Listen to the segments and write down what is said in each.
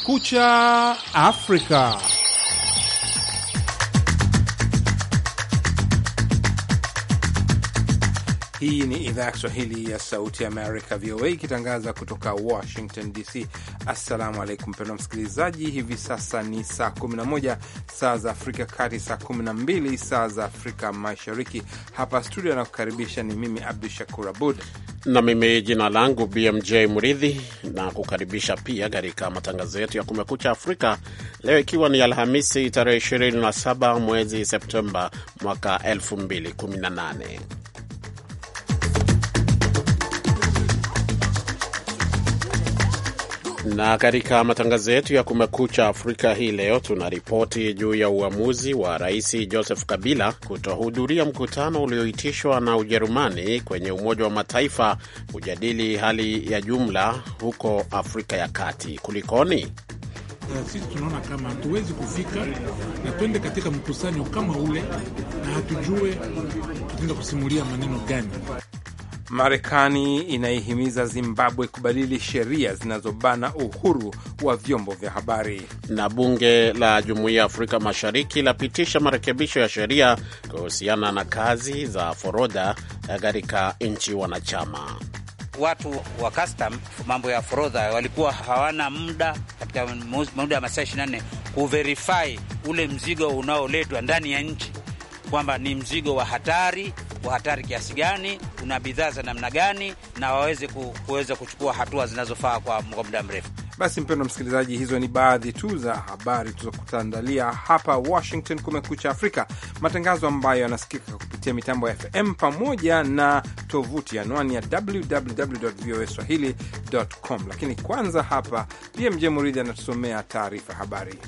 Escucha África. Hii ni idhaa ya Kiswahili ya Sauti Amerika, VOA, ikitangaza kutoka Washington DC. Assalamu alaikum mpendwa msikilizaji, hivi sasa ni saa 11 saa za Afrika Kati, saa 12 saa za Afrika Mashariki. Hapa studio anakukaribisha ni mimi Abdu Shakur Abud na mimi jina langu BMJ Mridhi, na kukaribisha pia katika matangazo yetu ya Kumekucha Afrika leo, ikiwa ni Alhamisi tarehe 27 mwezi Septemba mwaka 2018. Na katika matangazo yetu ya Kumekucha Afrika hii leo tuna ripoti juu ya uamuzi wa Rais Joseph Kabila kutohudhuria mkutano ulioitishwa na Ujerumani kwenye Umoja wa Mataifa kujadili hali ya jumla huko Afrika ya Kati. Kulikoni? Sisi tunaona kama hatuwezi kufika na twende katika mkusanyo kama ule, na hatujue tutaenda kusimulia maneno gani. Marekani inaihimiza Zimbabwe kubadili sheria zinazobana uhuru wa vyombo vya habari. Na bunge la Jumuiya ya Afrika Mashariki lapitisha marekebisho ya sheria kuhusiana na kazi za forodha katika nchi wanachama. Watu wa custom, mambo ya forodha, walikuwa hawana muda katika muda wa masaa 24 kuverify ule mzigo unaoletwa ndani ya nchi kwamba ni mzigo wa hatari kwa hatari kiasi gani, kuna bidhaa za namna gani, na waweze kuweza kuchukua hatua zinazofaa kwa muda mrefu. Basi mpendwa msikilizaji, hizo ni baadhi tu za habari tulizokutandalia hapa Washington, Kumekucha Afrika, matangazo ambayo yanasikika kupitia mitambo ya FM pamoja na tovuti anwani ya www voa swahili com. Lakini kwanza hapa, PMJ Muridhi anatusomea taarifa habari.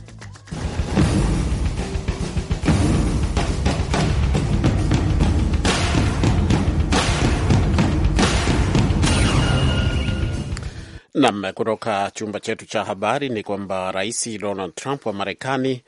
Nam, kutoka chumba chetu cha habari ni kwamba Rais Donald Trump wa Marekani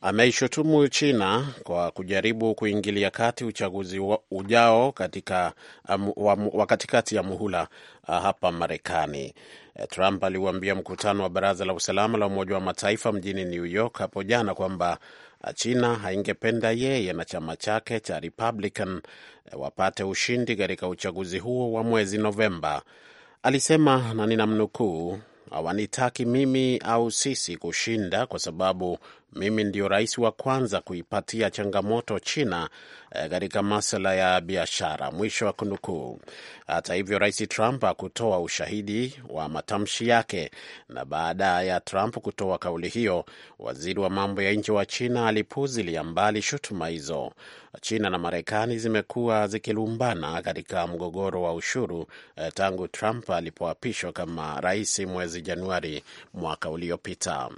ameishutumu China kwa kujaribu kuingilia kati uchaguzi ujao katika, um, wa katikati ya muhula uh, hapa Marekani. Eh, Trump aliuambia mkutano wa Baraza la Usalama la Umoja wa Mataifa mjini New York hapo jana kwamba uh, China haingependa yeye na chama chake cha Republican eh, wapate ushindi katika uchaguzi huo wa mwezi Novemba, Alisema na ninamnukuu, hawanitaki mimi au sisi kushinda kwa sababu mimi ndio rais wa kwanza kuipatia changamoto China eh, katika masala masuala ya biashara, mwisho wa kunukuu. Hata hivyo, rais Trump hakutoa ushahidi wa matamshi yake, na baada ya Trump kutoa kauli hiyo, waziri wa mambo ya nje wa China alipuzilia mbali shutuma hizo. China na Marekani zimekuwa zikilumbana katika mgogoro wa ushuru eh, tangu Trump alipoapishwa kama rais mwezi Januari mwaka uliopita.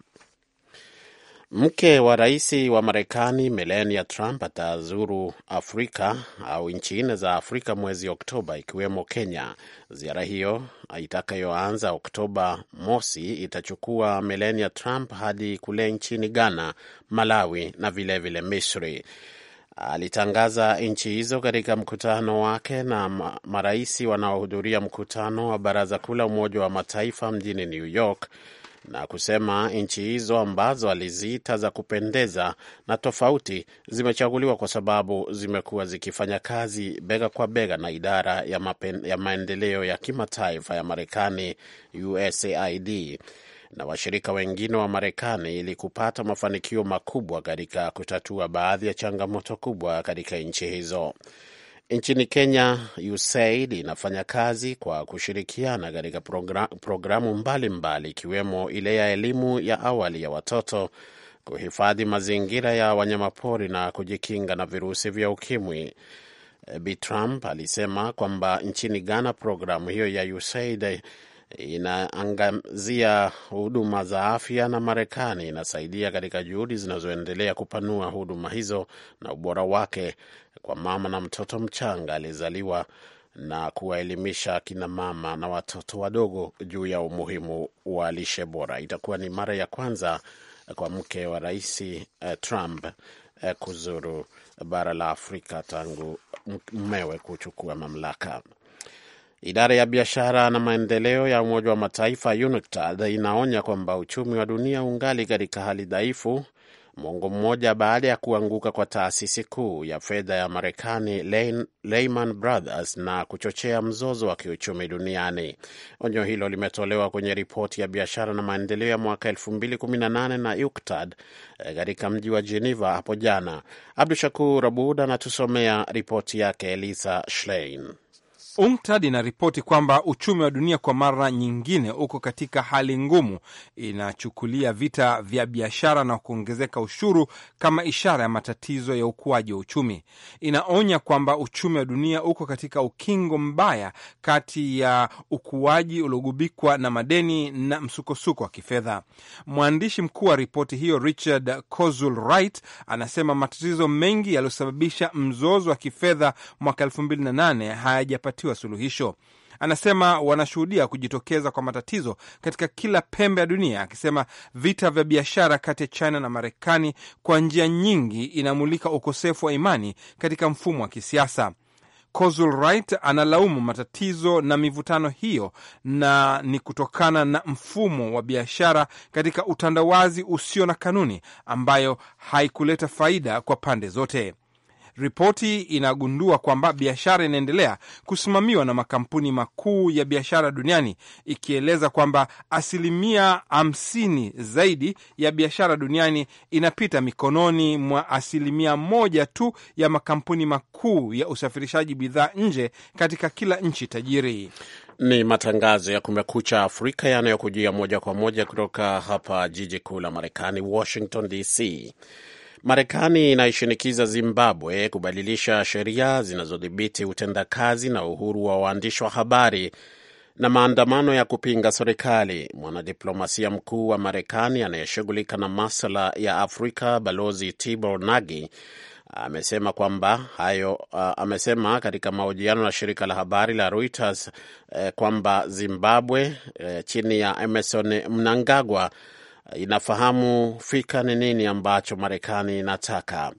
Mke wa rais wa Marekani Melania Trump atazuru Afrika au nchi nne za Afrika mwezi Oktoba, ikiwemo Kenya. Ziara hiyo itakayoanza Oktoba mosi itachukua Melania Trump hadi kule nchini Ghana, Malawi na vilevile vile Misri. Alitangaza nchi hizo katika mkutano wake na marais wanaohudhuria mkutano wa Baraza Kuu la Umoja wa Mataifa mjini New York na kusema nchi hizo ambazo aliziita za kupendeza na tofauti zimechaguliwa kwa sababu zimekuwa zikifanya kazi bega kwa bega na idara ya, mapen, ya maendeleo ya kimataifa ya Marekani USAID na washirika wengine wa Marekani ili kupata mafanikio makubwa katika kutatua baadhi ya changamoto kubwa katika nchi hizo. Nchini Kenya, USAID inafanya kazi kwa kushirikiana katika programu mbalimbali ikiwemo mbali, ile ya elimu ya awali ya watoto, kuhifadhi mazingira ya wanyamapori na kujikinga na virusi vya ukimwi. B. Trump alisema kwamba nchini Ghana programu hiyo ya USAID inaangazia huduma za afya na Marekani inasaidia katika juhudi zinazoendelea kupanua huduma hizo na ubora wake kwa mama na mtoto mchanga aliyezaliwa na kuwaelimisha kina mama na watoto wadogo juu ya umuhimu wa lishe bora. Itakuwa ni mara ya kwanza kwa mke wa Rais eh, Trump eh, kuzuru bara la Afrika tangu mmewe kuchukua mamlaka. Idara ya biashara na maendeleo ya Umoja wa Mataifa UNCTAD inaonya kwamba uchumi wa dunia ungali katika hali dhaifu mwongo mmoja baada ya kuanguka kwa taasisi kuu ya fedha ya Marekani Lehman Brothers na kuchochea mzozo wa kiuchumi duniani. Onyo hilo limetolewa kwenye ripoti ya biashara na maendeleo ya mwaka 2018 na UNCTAD eh, katika mji wa Geneva hapo jana. Abdu Shakur Abud anatusomea ripoti yake Elisa Schlein. UNCTAD inaripoti kwamba uchumi wa dunia kwa mara nyingine uko katika hali ngumu, inachukulia vita vya biashara na kuongezeka ushuru kama ishara ya matatizo ya ukuaji wa uchumi. Inaonya kwamba uchumi wa dunia uko katika ukingo mbaya kati ya ukuaji uliogubikwa na madeni na msukosuko wa kifedha. Mwandishi mkuu wa ripoti hiyo Richard Kozul Wright anasema matatizo mengi yaliyosababisha mzozo wa kifedha mwaka 2008 hayajapati kupatiwa suluhisho. Anasema wanashuhudia kujitokeza kwa matatizo katika kila pembe ya dunia, akisema vita vya biashara kati ya China na Marekani kwa njia nyingi inamulika ukosefu wa imani katika mfumo wa kisiasa. Kozul Wright analaumu matatizo na mivutano hiyo na ni kutokana na mfumo wa biashara katika utandawazi usio na kanuni ambayo haikuleta faida kwa pande zote. Ripoti inagundua kwamba biashara inaendelea kusimamiwa na makampuni makuu ya biashara duniani, ikieleza kwamba asilimia hamsini zaidi ya biashara duniani inapita mikononi mwa asilimia moja tu ya makampuni makuu ya usafirishaji bidhaa nje katika kila nchi tajiri. Ni matangazo ya Kumekucha Afrika yanayokujia moja kwa moja kutoka hapa jiji kuu la Marekani, Washington DC. Marekani inaishinikiza Zimbabwe kubadilisha sheria zinazodhibiti utendakazi na uhuru wa waandishi wa habari na maandamano ya kupinga serikali. Mwanadiplomasia mkuu wa Marekani anayeshughulika na masuala ya Afrika, Balozi Tibor Nagi amesema kwamba hayo uh, amesema katika mahojiano na shirika la habari la Reuters eh, kwamba Zimbabwe eh, chini ya Emerson Mnangagwa inafahamu fika ni nini ambacho Marekani inataka.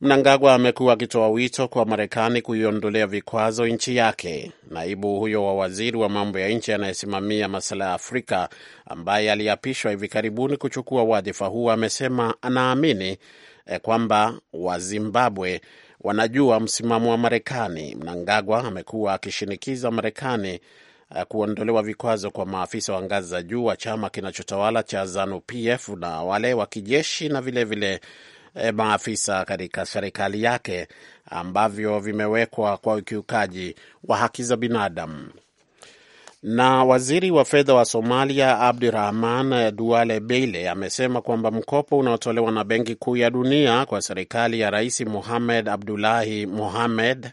Mnangagwa amekuwa akitoa wito kwa Marekani kuiondolea vikwazo nchi yake. Naibu huyo wa waziri wa mambo ya nchi anayesimamia masuala ya Afrika, ambaye aliapishwa hivi karibuni kuchukua wadhifa huo, amesema anaamini eh, kwamba Wazimbabwe wanajua msimamo wa Marekani. Mnangagwa amekuwa akishinikiza Marekani Uh, kuondolewa vikwazo kwa maafisa wa ngazi za juu wa chama kinachotawala cha Zanu PF na wale wa kijeshi na vilevile vile, eh, maafisa katika serikali yake ambavyo vimewekwa kwa ukiukaji wa haki za binadamu. Na waziri wa fedha wa Somalia Abdirahman Duale Beile amesema kwamba mkopo unaotolewa na Benki Kuu ya Dunia kwa serikali ya Rais Mohamed Abdullahi Mohamed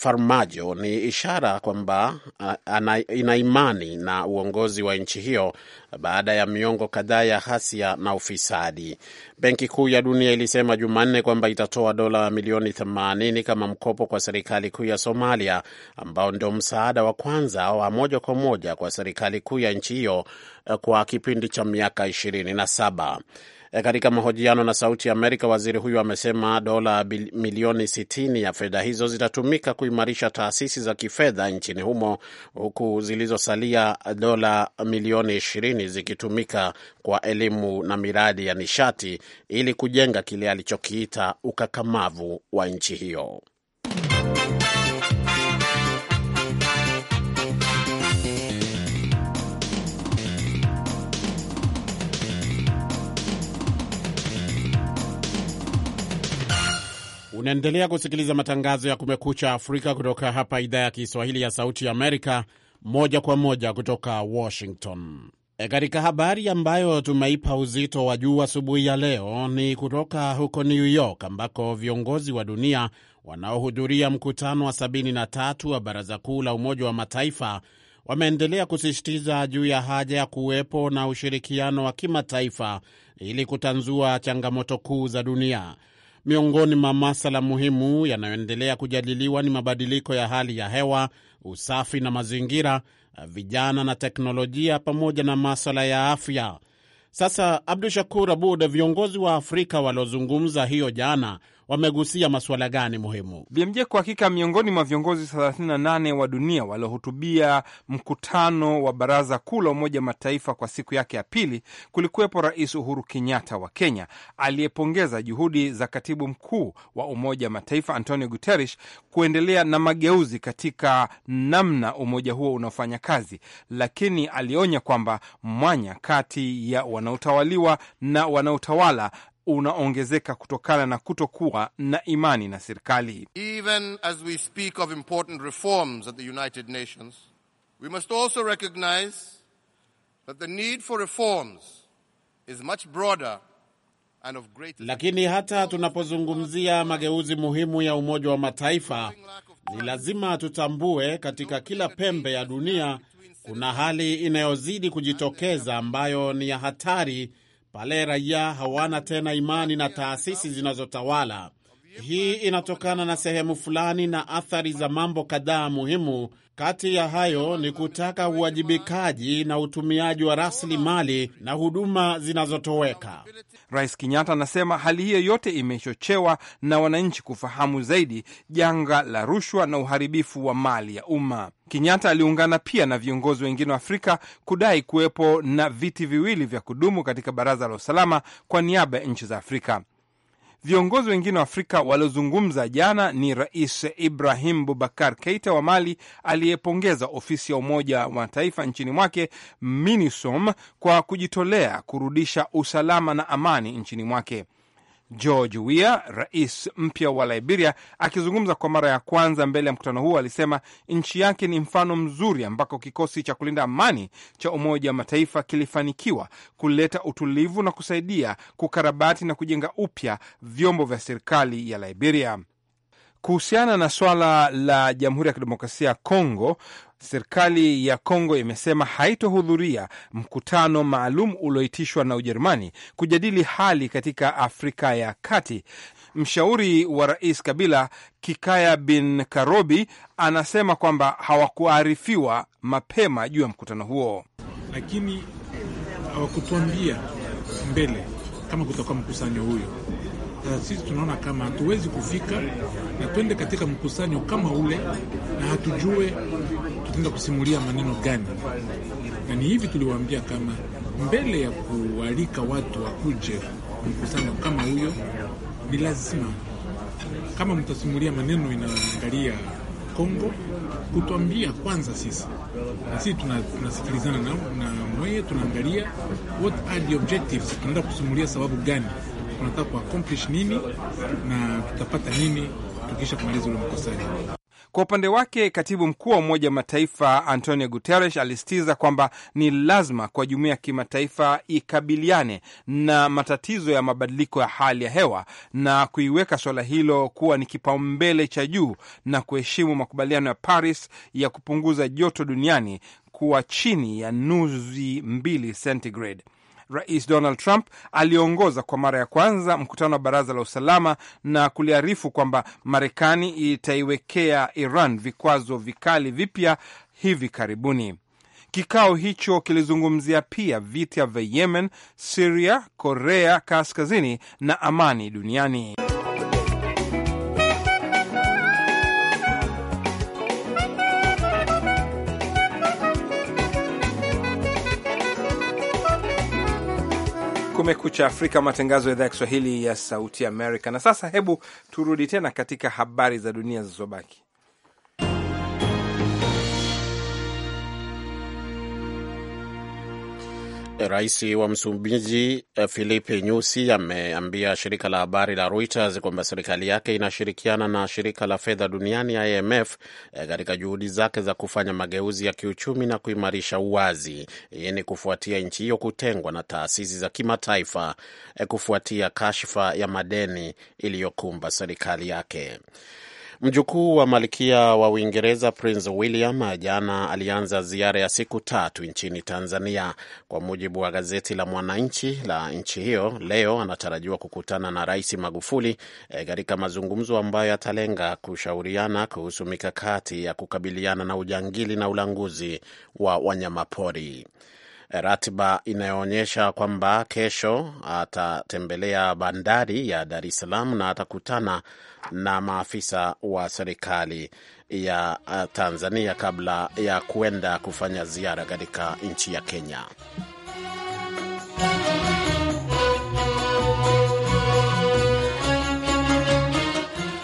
Farmajo ni ishara kwamba ina imani na uongozi wa nchi hiyo baada ya miongo kadhaa ya hasia na ufisadi. Benki Kuu ya Dunia ilisema Jumanne kwamba itatoa dola milioni 80 kama mkopo kwa serikali kuu ya Somalia, ambao ndio msaada wa kwanza wa moja kwa moja kwa serikali kuu ya nchi hiyo kwa kipindi cha miaka 27. E, katika mahojiano na Sauti ya Amerika, waziri huyu amesema dola milioni 60 ya fedha hizo zitatumika kuimarisha taasisi za kifedha nchini humo, huku zilizosalia dola milioni 20 zikitumika kwa elimu na miradi ya nishati ili kujenga kile alichokiita ukakamavu wa nchi hiyo. Unaendelea kusikiliza matangazo ya Kumekucha Afrika kutoka hapa idhaa ya Kiswahili ya Sauti ya Amerika, moja kwa moja kutoka Washington. E, katika habari ambayo tumeipa uzito wa juu asubuhi ya leo ni kutoka huko New York ambako viongozi wa dunia wanaohudhuria mkutano wa 73 wa Baraza Kuu la Umoja wa Mataifa wameendelea kusisitiza juu ya haja ya kuwepo na ushirikiano wa kimataifa ili kutanzua changamoto kuu za dunia. Miongoni mwa masala muhimu yanayoendelea kujadiliwa ni mabadiliko ya hali ya hewa, usafi na mazingira, vijana na teknolojia, pamoja na maswala ya afya. Sasa Abdu Shakur Abud, viongozi wa Afrika waliozungumza hiyo jana wamegusia masuala gani muhimu? BMJ, kwa hakika miongoni mwa viongozi 38 wa dunia waliohutubia mkutano wa baraza kuu la Umoja Mataifa kwa siku yake ya pili, kulikuwepo Rais Uhuru Kenyatta wa Kenya aliyepongeza juhudi za katibu mkuu wa Umoja Mataifa Antonio Guterres kuendelea na mageuzi katika namna umoja huo unaofanya kazi, lakini alionya kwamba mwanya kati ya wanaotawaliwa na wanaotawala unaongezeka kutokana na kutokuwa na imani na serikali. Even as we speak of important reforms at the United Nations, we must also recognize that the need for reforms is much broader and of Lakini hata tunapozungumzia mageuzi muhimu ya Umoja wa Mataifa, ni lazima tutambue katika kila pembe ya dunia kuna hali inayozidi kujitokeza ambayo ni ya hatari pale raia hawana tena imani na taasisi zinazotawala. Hii inatokana na sehemu fulani na athari za mambo kadhaa muhimu. Kati ya hayo ni kutaka uwajibikaji na utumiaji wa rasilimali na huduma zinazotoweka. Rais Kenyatta anasema hali hiyo yote imechochewa na wananchi kufahamu zaidi janga la rushwa na uharibifu wa mali ya umma. Kenyatta aliungana pia na viongozi wengine wa Afrika kudai kuwepo na viti viwili vya kudumu katika Baraza la Usalama kwa niaba ya nchi za Afrika. Viongozi wengine wa Afrika waliozungumza jana ni Rais Ibrahim Bubakar Keita wa Mali, aliyepongeza ofisi ya Umoja wa Mataifa nchini mwake MINISOM kwa kujitolea kurudisha usalama na amani nchini mwake. George Weah, rais mpya wa Liberia, akizungumza kwa mara ya kwanza mbele ya mkutano huo, alisema nchi yake ni mfano mzuri ambako kikosi cha kulinda amani cha Umoja wa Mataifa kilifanikiwa kuleta utulivu na kusaidia kukarabati na kujenga upya vyombo vya serikali ya Liberia. Kuhusiana na swala la Jamhuri ya Kidemokrasia ya Kongo, serikali ya Kongo imesema haitohudhuria mkutano maalum ulioitishwa na Ujerumani kujadili hali katika Afrika ya Kati. Mshauri wa rais Kabila Kikaya bin Karobi anasema kwamba hawakuarifiwa mapema juu ya mkutano huo, lakini hawakutuambia mbele kama kutakuwa mkusanyo huyo. Sasa sisi tunaona kama hatuwezi kufika na twende katika mkusanyo kama ule na hatujue tutaenda kusimulia maneno gani? Na ni hivi tuliwaambia, kama mbele ya kualika watu wakuje mkusano kama huyo, ni lazima kama mtasimulia maneno inaangalia Kongo kutwambia kwanza sisi na sisi tunasikilizana tuna na, na mweye tunaangalia what are the objectives, tunaenda kusimulia sababu gani tunataka kuaccomplish nini na tutapata nini tukisha kumaliza ule mkosani kwa upande wake, katibu mkuu wa Umoja wa Mataifa Antonio Guterres alisitiza kwamba ni lazima kwa jumuiya ya kimataifa ikabiliane na matatizo ya mabadiliko ya hali ya hewa na kuiweka suala hilo kuwa ni kipaumbele cha juu na kuheshimu makubaliano ya Paris ya kupunguza joto duniani kuwa chini ya nuzi mbili centigrade. Rais Donald Trump aliongoza kwa mara ya kwanza mkutano wa baraza la usalama na kuliarifu kwamba Marekani itaiwekea Iran vikwazo vikali vipya hivi karibuni. Kikao hicho kilizungumzia pia vita vya Yemen, Siria, Korea Kaskazini na amani duniani. Kumekucha Afrika, matangazo ya idhaa ya Kiswahili ya Sauti Amerika. Na sasa hebu turudi tena katika habari za dunia zilizobaki. Rais wa Msumbiji eh, Filipe Nyusi ameambia shirika la habari la Reuters kwamba serikali yake inashirikiana na shirika la fedha duniani IMF eh, katika juhudi zake za kufanya mageuzi ya kiuchumi na kuimarisha uwazi. Hii ni kufuatia nchi hiyo kutengwa na taasisi za kimataifa eh, kufuatia kashfa ya madeni iliyokumba serikali yake. Mjukuu wa malkia wa Uingereza Prince William jana alianza ziara ya siku tatu nchini Tanzania. Kwa mujibu wa gazeti la Mwananchi la nchi hiyo, leo anatarajiwa kukutana na Rais Magufuli e, katika e, mazungumzo ambayo yatalenga kushauriana kuhusu mikakati ya kukabiliana na ujangili na ulanguzi wa wanyamapori ratiba inayoonyesha kwamba kesho atatembelea bandari ya Dar es Salaam na atakutana na maafisa wa serikali ya uh, Tanzania kabla ya kuenda kufanya ziara katika nchi ya Kenya.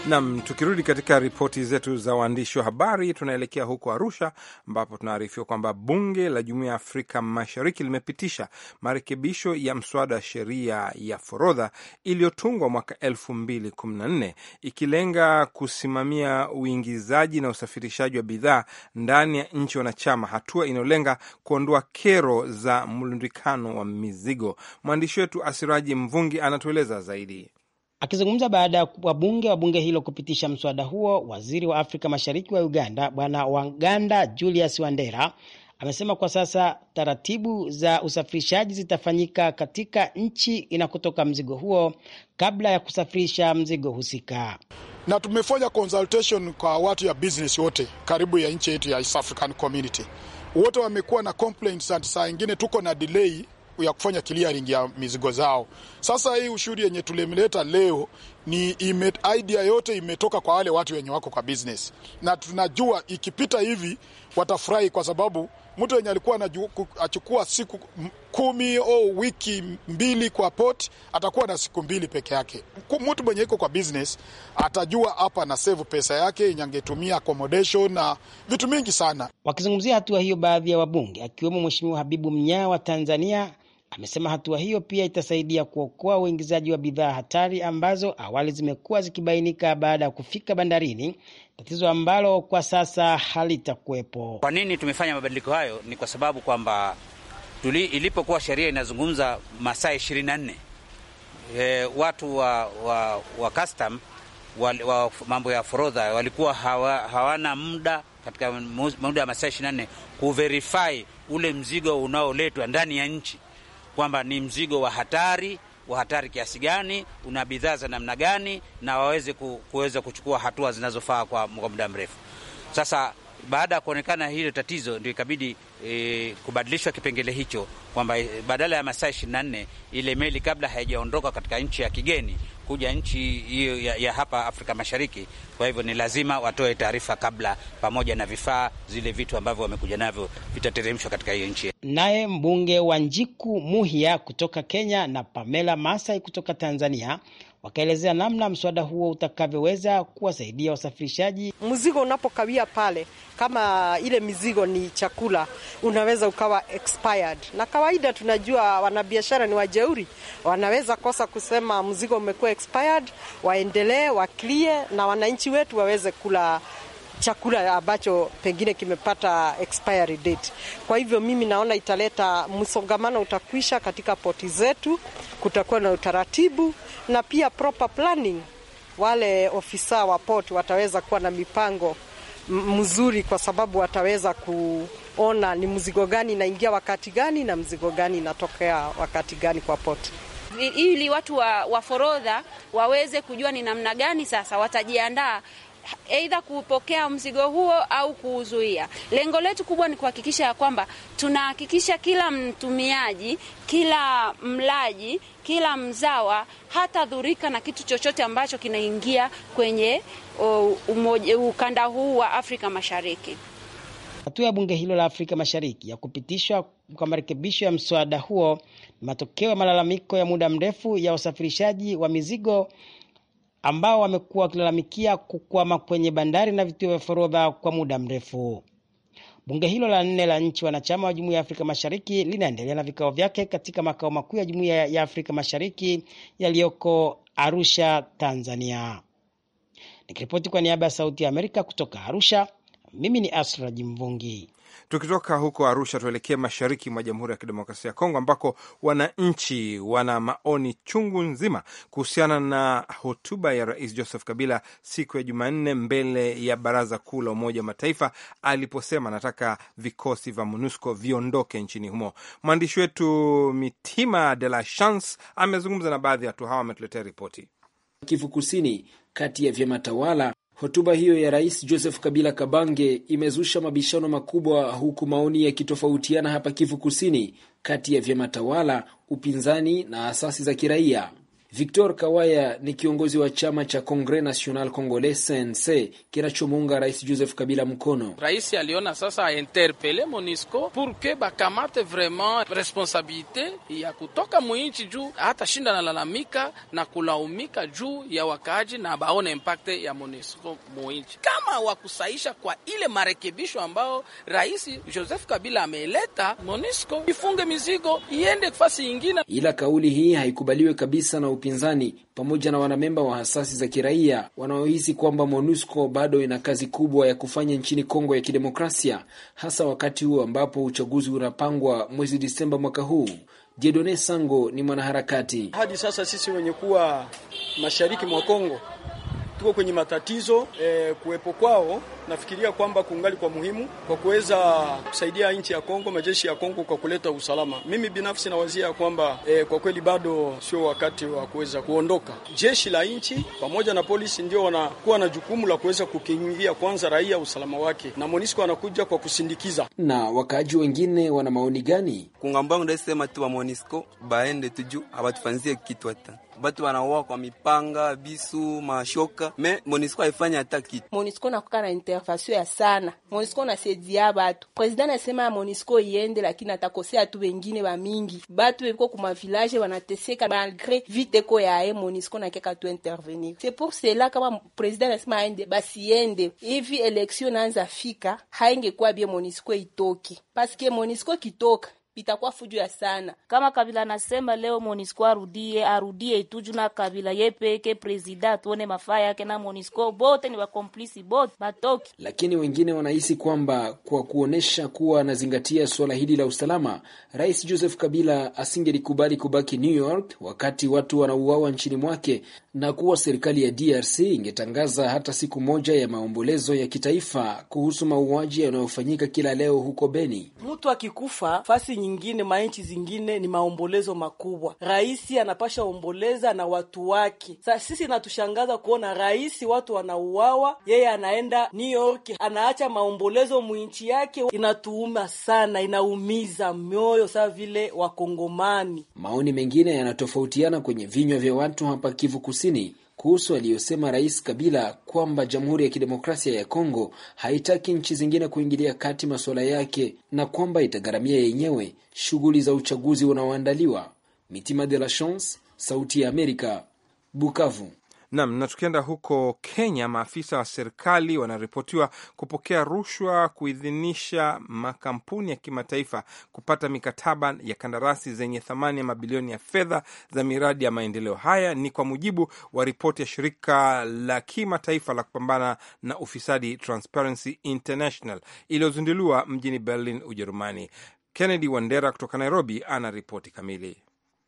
Nam, tukirudi katika ripoti zetu za waandishi wa habari, tunaelekea huko Arusha ambapo tunaarifiwa kwamba bunge la jumuiya ya Afrika Mashariki limepitisha marekebisho ya mswada wa sheria ya forodha iliyotungwa mwaka elfu mbili kumi na nne ikilenga kusimamia uingizaji na usafirishaji wa bidhaa ndani ya nchi wanachama, hatua inayolenga kuondoa kero za mlundikano wa mizigo. Mwandishi wetu Asiraji Mvungi anatueleza zaidi. Akizungumza baada ya wabunge wa bunge hilo kupitisha mswada huo, waziri wa Afrika Mashariki wa Uganda Bwana Waganda Julius Wandera amesema kwa sasa taratibu za usafirishaji zitafanyika katika nchi inakotoka mzigo huo kabla ya kusafirisha mzigo husika. Na tumefanya consultation kwa watu ya business wote karibu ya nchi yetu ya East African Community, wote wamekuwa na complaints, saa ingine tuko na delay ya kufanya clearing ya mizigo zao. Sasa hii ushuri yenye tulimleta leo ni ime, idea yote imetoka kwa wale watu wenye wako kwa business, na tunajua ikipita hivi watafurahi, kwa sababu mtu wenye alikuwa anachukua siku kumi au wiki mbili kwa port atakuwa na siku mbili peke yake. Mtu mwenye iko kwa business atajua hapa na save pesa yake inyangetumia accommodation na vitu mingi sana. Wakizungumzia hatua hiyo, baadhi ya wabunge akiwemo Mheshimiwa Habibu Mnyaa wa Tanzania Amesema hatua hiyo pia itasaidia kuokoa uingizaji wa bidhaa hatari ambazo awali zimekuwa zikibainika baada ya kufika bandarini, tatizo ambalo kwa sasa halitakuwepo. Kwa nini tumefanya mabadiliko hayo? Ni kwa sababu kwamba ilipokuwa sheria inazungumza masaa ishirini na nne e, watu wa, wa, wa custom wa, wa mambo ya forodha walikuwa hawa, hawana muda katika muda ya masaa ishirini na nne kuverify ule mzigo unaoletwa ndani ya nchi kwamba ni mzigo wa hatari wa hatari kiasi gani, una bidhaa za namna gani, na waweze kuweza kuchukua hatua zinazofaa kwa muda mrefu. Sasa baada ya kuonekana hilo tatizo, ndio ikabidi e, kubadilishwa kipengele hicho kwamba e, badala ya masaa 24 ile meli kabla haijaondoka katika nchi ya kigeni kuja nchi hiyo ya, ya hapa Afrika Mashariki. Kwa hivyo ni lazima watoe taarifa kabla, pamoja na vifaa, zile vitu ambavyo wamekuja navyo vitateremshwa katika hiyo nchi. Naye mbunge wa njiku Muhia kutoka Kenya na Pamela Masai kutoka Tanzania wakaelezea namna mswada huo utakavyoweza kuwasaidia wasafirishaji. Mzigo unapokawia pale, kama ile mizigo ni chakula, unaweza ukawa expired. Na kawaida tunajua wanabiashara ni wajeuri, wanaweza kosa kusema mzigo umekuwa expired, waendelee waklie na wananchi wetu waweze kula chakula ambacho pengine kimepata expiry date. Kwa hivyo mimi naona italeta msongamano, utakwisha katika poti zetu, kutakuwa na utaratibu na pia proper planning. Wale ofisa wa port wataweza kuwa na mipango mzuri, kwa sababu wataweza kuona ni mzigo gani inaingia wakati gani na mzigo gani inatokea wakati gani kwa poti ili watu wa, wa forodha waweze kujua ni namna gani sasa watajiandaa aidha kupokea mzigo huo au kuuzuia. Lengo letu kubwa ni kuhakikisha ya kwamba tunahakikisha kila mtumiaji, kila mlaji, kila mzawa hatadhurika na kitu chochote ambacho kinaingia kwenye umoja, ukanda huu wa Afrika Mashariki. Hatua ya bunge hilo la Afrika Mashariki ya kupitishwa kwa marekebisho ya mswada huo ni matokeo ya malalamiko ya muda mrefu ya usafirishaji wa mizigo ambao wamekuwa wakilalamikia kukwama kwenye bandari na vituo vya forodha kwa muda mrefu. Bunge hilo la nne la nchi wanachama wa Jumuiya ya Afrika Mashariki linaendelea na vikao vyake katika makao makuu ya Jumuiya ya Afrika Mashariki yaliyoko Arusha, Tanzania. Nikiripoti kwa niaba ya Sauti ya Amerika kutoka Arusha, mimi ni Asra Jimvungi. Tukitoka huko Arusha, tuelekee mashariki mwa Jamhuri ya Kidemokrasia ya Kongo, ambako wananchi wana maoni chungu nzima kuhusiana na hotuba ya Rais Joseph Kabila siku ya Jumanne mbele ya Baraza Kuu la Umoja wa Mataifa aliposema anataka vikosi vya MONUSCO viondoke nchini humo. Mwandishi wetu Mitima De La Chance amezungumza na baadhi ya watu hawa, ametuletea ripoti. Kivu Kusini, kati ya vyama tawala Hotuba hiyo ya Rais Joseph Kabila Kabange imezusha mabishano makubwa, huku maoni yakitofautiana hapa Kivu Kusini, kati ya vyama tawala, upinzani na asasi za kiraia. Victor Kawaya ni kiongozi wa chama cha Congres National Congolais CNC kinachomuunga Rais Joseph Kabila mkono. Rais aliona sasa interpele Monisco pour que bakamate vraiment responsabilite ya kutoka mwinchi juu hata shinda nalalamika na kulaumika juu ya wakaaji na baone impacte ya Monisco mwinchi, kama wakusaisha kwa ile marekebisho ambao Rais Joseph Kabila ameleta, Monisco ifunge mizigo iende fasi ingine. Ila kauli hii haikubaliwe kabisa na upinzani pamoja na wanamemba wa hasasi za kiraia wanaohisi kwamba MONUSCO bado ina kazi kubwa ya kufanya nchini Kongo ya Kidemokrasia, hasa wakati huu ambapo uchaguzi unapangwa mwezi Disemba mwaka huu. Jedone Sango ni mwanaharakati. Hadi sasa sisi wenye kuwa mashariki mwa Kongo tuko kwenye matatizo e, kuwepo kwao nafikiria kwamba kungali kwa muhimu kwa kuweza kusaidia nchi ya Kongo, majeshi ya Kongo kwa kuleta usalama. Mimi binafsi nawazia kwamba e, kwa kweli bado sio wakati wa kuweza kuondoka. Jeshi la nchi pamoja na polisi ndio wanakuwa na jukumu la kuweza kukingia kwanza raia usalama wake, na MONUSCO anakuja kwa kusindikiza. Na wakaaji wengine wana maoni gani? kungambwangu ndaisema tu wa MONUSCO baende tuju abatufanzie kitu hata batu wanaua kwa mipanga, bisu, mashoka. Me Monisco haifanya hata kitu. Monisco nakuka na intervention ya sana. Monisco nasaidia batu. President anasema ya Monisco iende, lakini atakosea tu wengine wa mingi. Batu beko kuma village wanateseka malgré vite ko ya e Monisco na keka tu intervenir. C'est pour cela kama president anasema aende, basi ende. Hivi election naanza fika, haingekuwa bie Monisco itoke. Parce Monisco kitoka bitakuwa fujo sana. Kama Kabila nasema leo Monisco arudie arudie tu juna Kabila yepeke presida, tuone mafaa yake na Monisco bote ni wakomplisi bote batoki. Lakini wengine wanahisi kwamba kwa kuonyesha kuwa anazingatia suala hili la usalama, Rais Joseph Kabila asingelikubali kubaki New York wakati watu wanauawa nchini mwake, na kuwa serikali ya DRC ingetangaza hata siku moja ya maombolezo ya kitaifa kuhusu mauaji yanayofanyika kila leo huko Beni. Mtu akikufa fasi nyingine manchi zingine ni maombolezo makubwa. Raisi anapasha omboleza na watu wake. Sa sisi natushangaza kuona raisi watu wanauawa, yeye anaenda New York anaacha maombolezo mwinchi yake. Inatuuma sana, inaumiza mioyo saa vile Wakongomani. Maoni mengine yanatofautiana kwenye vinywa vya watu hapa Kivu Kusini kuhusu aliyosema Rais Kabila kwamba Jamhuri ya Kidemokrasia ya Kongo haitaki nchi zingine kuingilia kati masuala yake na kwamba itagharamia yenyewe shughuli za uchaguzi unaoandaliwa. Mitima de la Chance, Sauti ya Amerika, Bukavu. Nam, na tukienda huko Kenya, maafisa wa serikali wanaripotiwa kupokea rushwa kuidhinisha makampuni ya kimataifa kupata mikataba ya kandarasi zenye thamani ya mabilioni ya fedha za miradi ya maendeleo. Haya ni kwa mujibu wa ripoti ya shirika la kimataifa la kupambana na ufisadi Transparency International iliyozinduliwa mjini Berlin, Ujerumani. Kennedy Wandera kutoka Nairobi ana ripoti kamili.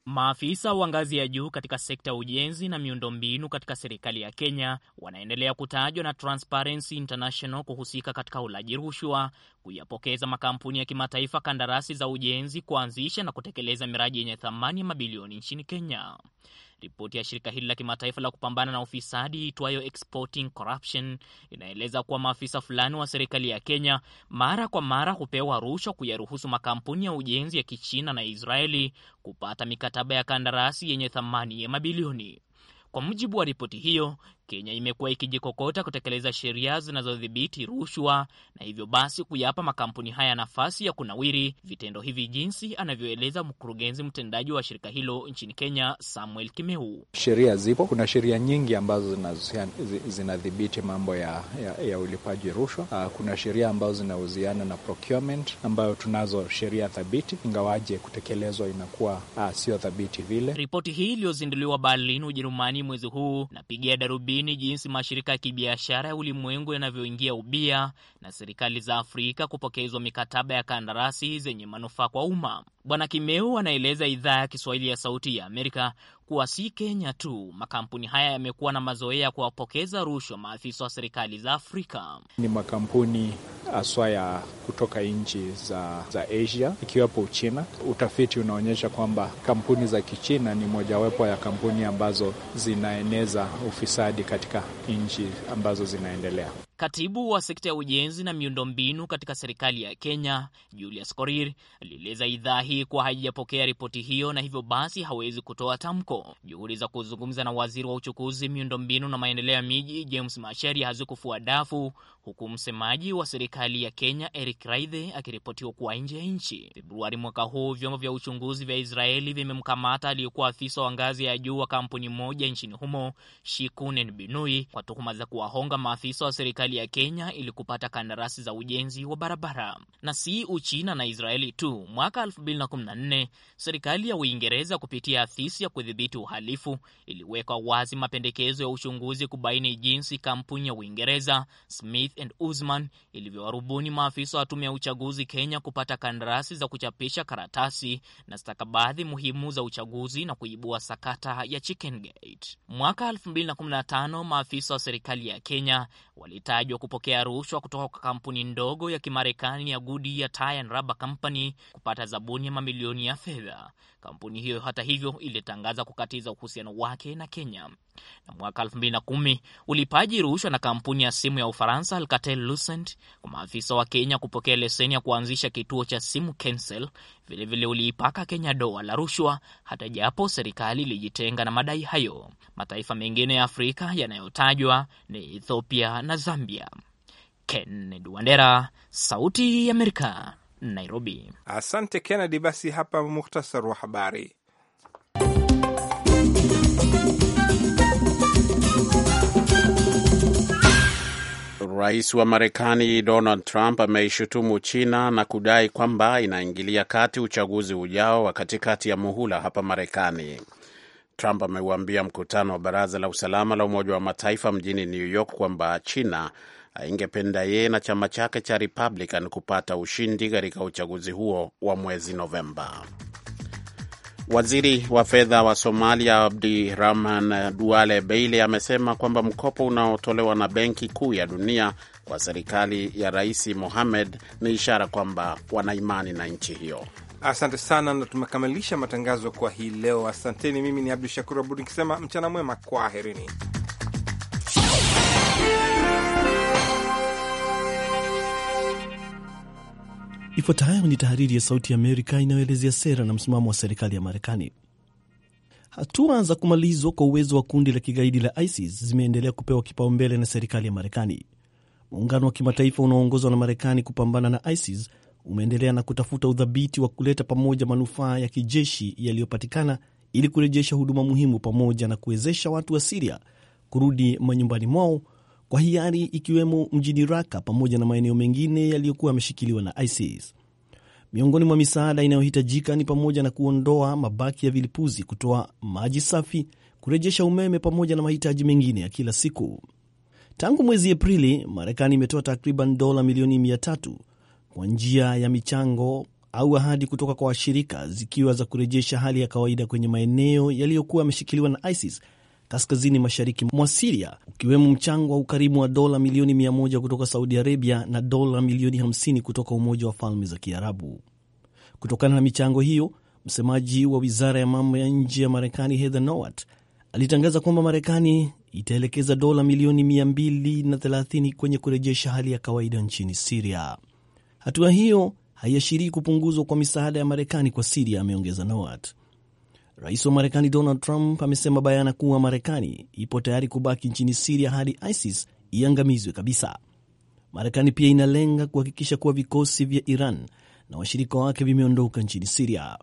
Maafisa wa ngazi ya juu katika sekta ya ujenzi na miundombinu katika serikali ya Kenya wanaendelea kutajwa na Transparency International kuhusika katika ulaji rushwa, kuyapokeza makampuni ya kimataifa kandarasi za ujenzi, kuanzisha na kutekeleza miradi yenye thamani ya mabilioni nchini Kenya. Ripoti ya shirika hili la kimataifa la kupambana na ufisadi itwayo Exporting Corruption inaeleza kuwa maafisa fulani wa serikali ya Kenya mara kwa mara hupewa rushwa kuyaruhusu makampuni ya ujenzi ya Kichina na Israeli kupata mikataba ya kandarasi yenye thamani ya mabilioni. Kwa mujibu wa ripoti hiyo, Kenya imekuwa ikijikokota kutekeleza sheria zinazodhibiti rushwa na hivyo basi kuyapa makampuni haya nafasi ya kunawiri. Vitendo hivi jinsi anavyoeleza mkurugenzi mtendaji wa shirika hilo nchini Kenya, Samuel Kimeu. Sheria zipo, kuna sheria nyingi ambazo zinadhibiti mambo ya, ya, ya ulipaji rushwa. Ah, kuna sheria ambazo zinahusiana na procurement, ambayo tunazo sheria thabiti, ingawaje kutekelezwa inakuwa ah, sio thabiti vile. Ripoti hii iliyozinduliwa Berlin, Ujerumani mwezi huu napigia darubi kutathmini jinsi mashirika ya kibiashara ya ulimwengu yanavyoingia ubia na serikali za Afrika kupokezwa mikataba ya kandarasi zenye manufaa kwa umma. Bwana Kimeu anaeleza idhaa ya Kiswahili ya Sauti ya Amerika kuwa si Kenya tu makampuni haya yamekuwa na mazoea ya kuwapokeza rushwa maafisa wa serikali za Afrika. Ni makampuni haswa ya kutoka nchi za, za Asia ikiwepo Uchina. Utafiti unaonyesha kwamba kampuni za Kichina ni mojawapo ya kampuni ambazo zinaeneza ufisadi katika nchi ambazo zinaendelea. Katibu wa sekta ya ujenzi na miundombinu katika serikali ya Kenya, Julius Korir, alieleza idhaa hii kuwa haijapokea ripoti hiyo na hivyo basi hawezi kutoa tamko. Juhudi za kuzungumza na waziri wa uchukuzi, miundombinu na maendeleo ya miji James Masharia hazikufua dafu huku msemaji wa serikali ya Kenya Eric raidhe akiripotiwa kuwa nje ya nchi. Februari mwaka huu, vyombo vya uchunguzi vya Israeli vimemkamata aliyekuwa afisa wa ngazi ya juu wa kampuni moja nchini humo Shikunen Binui kwa tuhuma za kuwahonga maafisa wa serikali ya Kenya ili kupata kandarasi za ujenzi wa barabara. Na si Uchina na Israeli tu. Mwaka 2014 serikali ya Uingereza kupitia afisi ya kudhibiti uhalifu iliweka wazi mapendekezo ya uchunguzi kubaini jinsi kampuni ya Uingereza Smith and Ombudsman ilivyowarubuni maafisa wa tume ya uchaguzi Kenya kupata kandarasi za kuchapisha karatasi na stakabadhi muhimu za uchaguzi na kuibua sakata ya Chicken Gate. Mwaka 2015 maafisa wa serikali ya Kenya walitajwa kupokea rushwa kutoka kwa kampuni ndogo ya Kimarekani ya Goodyear Tire and Rubber Company kupata zabuni ya mamilioni ya fedha. Kampuni hiyo hata hivyo ilitangaza kukatiza uhusiano wake na Kenya na mwaka 2010 ulipaji rushwa na kampuni ya simu ya Ufaransa Alcatel Lucent kwa maafisa wa Kenya kupokea leseni ya kuanzisha kituo cha simu Kensel. Vilevile uliipaka Kenya doa la rushwa, hata japo serikali ilijitenga na madai hayo. Mataifa mengine ya Afrika yanayotajwa ni Ethiopia na Zambia. Kennedy Wandera, Sauti ya Amerika, Nairobi. Asante Kennedy. Basi hapa muhtasari wa habari. Rais wa Marekani Donald Trump ameishutumu China na kudai kwamba inaingilia kati uchaguzi ujao wa katikati ya muhula hapa Marekani. Trump ameuambia mkutano wa Baraza la Usalama la Umoja wa Mataifa mjini New York kwamba China haingependa yeye na chama chake cha Republican kupata ushindi katika uchaguzi huo wa mwezi Novemba. Waziri wa fedha wa Somalia Abdi Rahman Duale Beile amesema kwamba mkopo unaotolewa na Benki Kuu ya Dunia kwa serikali ya Rais Mohamed ni ishara kwamba wana imani na nchi hiyo. Asante sana, na tumekamilisha matangazo kwa hii leo. Asanteni. Mimi ni Abdu Shakur Abud nikisema mchana mwema, kwaherini. Ifuatayo ni tahariri ya Sauti ya Amerika inayoelezea sera na msimamo wa serikali ya Marekani. Hatua za kumalizwa kwa uwezo wa kundi la kigaidi la ISIS zimeendelea kupewa kipaumbele na serikali ya Marekani. Muungano wa kimataifa unaoongozwa na Marekani kupambana na ISIS umeendelea na kutafuta udhabiti wa kuleta pamoja manufaa ya kijeshi yaliyopatikana ili kurejesha huduma muhimu pamoja na kuwezesha watu wa Siria kurudi manyumbani mwao kwa hiari, ikiwemo mjini Raka pamoja na maeneo mengine yaliyokuwa yameshikiliwa na ISIS. Miongoni mwa misaada inayohitajika ni pamoja na kuondoa mabaki ya vilipuzi, kutoa maji safi, kurejesha umeme pamoja na mahitaji mengine ya kila siku. Tangu mwezi Aprili, Marekani imetoa takriban dola milioni mia tatu kwa njia ya michango au ahadi kutoka kwa washirika, zikiwa za kurejesha hali ya kawaida kwenye maeneo yaliyokuwa yameshikiliwa na ISIS kaskazini mashariki mwa Siria, ukiwemo mchango wa ukarimu wa dola milioni 1 kutoka Saudi Arabia na dola milioni 50 kutoka Umoja wa Falme za Kiarabu. Kutokana na michango hiyo, msemaji wa wizara ya mambo ya nje ya Marekani Heather Nauert alitangaza kwamba Marekani itaelekeza dola milioni 230 kwenye kurejesha hali ya kawaida nchini Siria. Hatua hiyo haiashirii kupunguzwa kwa misaada ya Marekani kwa Siria, ameongeza Nauert. Rais wa Marekani Donald Trump amesema bayana kuwa Marekani ipo tayari kubaki nchini Siria hadi ISIS iangamizwe kabisa. Marekani pia inalenga kuhakikisha kuwa vikosi vya Iran na washirika wake vimeondoka nchini Siria.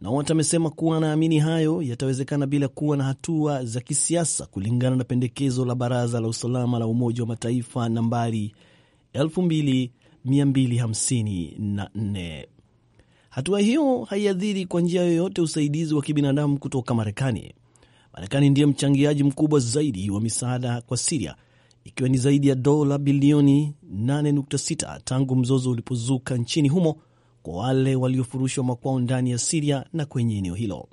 Nawat amesema kuwa anaamini hayo yatawezekana bila kuwa na hatua za kisiasa, kulingana na pendekezo la Baraza la Usalama la Umoja wa Mataifa nambari 2254. Hatua hiyo haiathiri kwa njia yoyote usaidizi wa kibinadamu kutoka Marekani. Marekani ndiye mchangiaji mkubwa zaidi wa misaada kwa Siria, ikiwa ni zaidi ya dola bilioni 8.6 tangu mzozo ulipozuka nchini humo kwa wale waliofurushwa makwao ndani ya Siria na kwenye eneo hilo.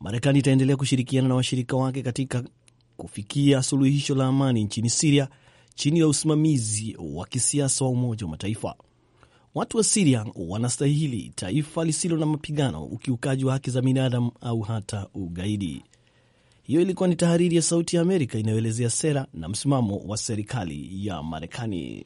Marekani itaendelea kushirikiana na washirika wake katika kufikia suluhisho la amani nchini Siria chini ya usimamizi wa kisiasa wa Umoja wa Mataifa. Watu wa Siria wanastahili taifa lisilo na mapigano, ukiukaji wa haki za binadamu au hata ugaidi. Hiyo ilikuwa ni tahariri ya Sauti ya Amerika inayoelezea sera na msimamo wa serikali ya Marekani.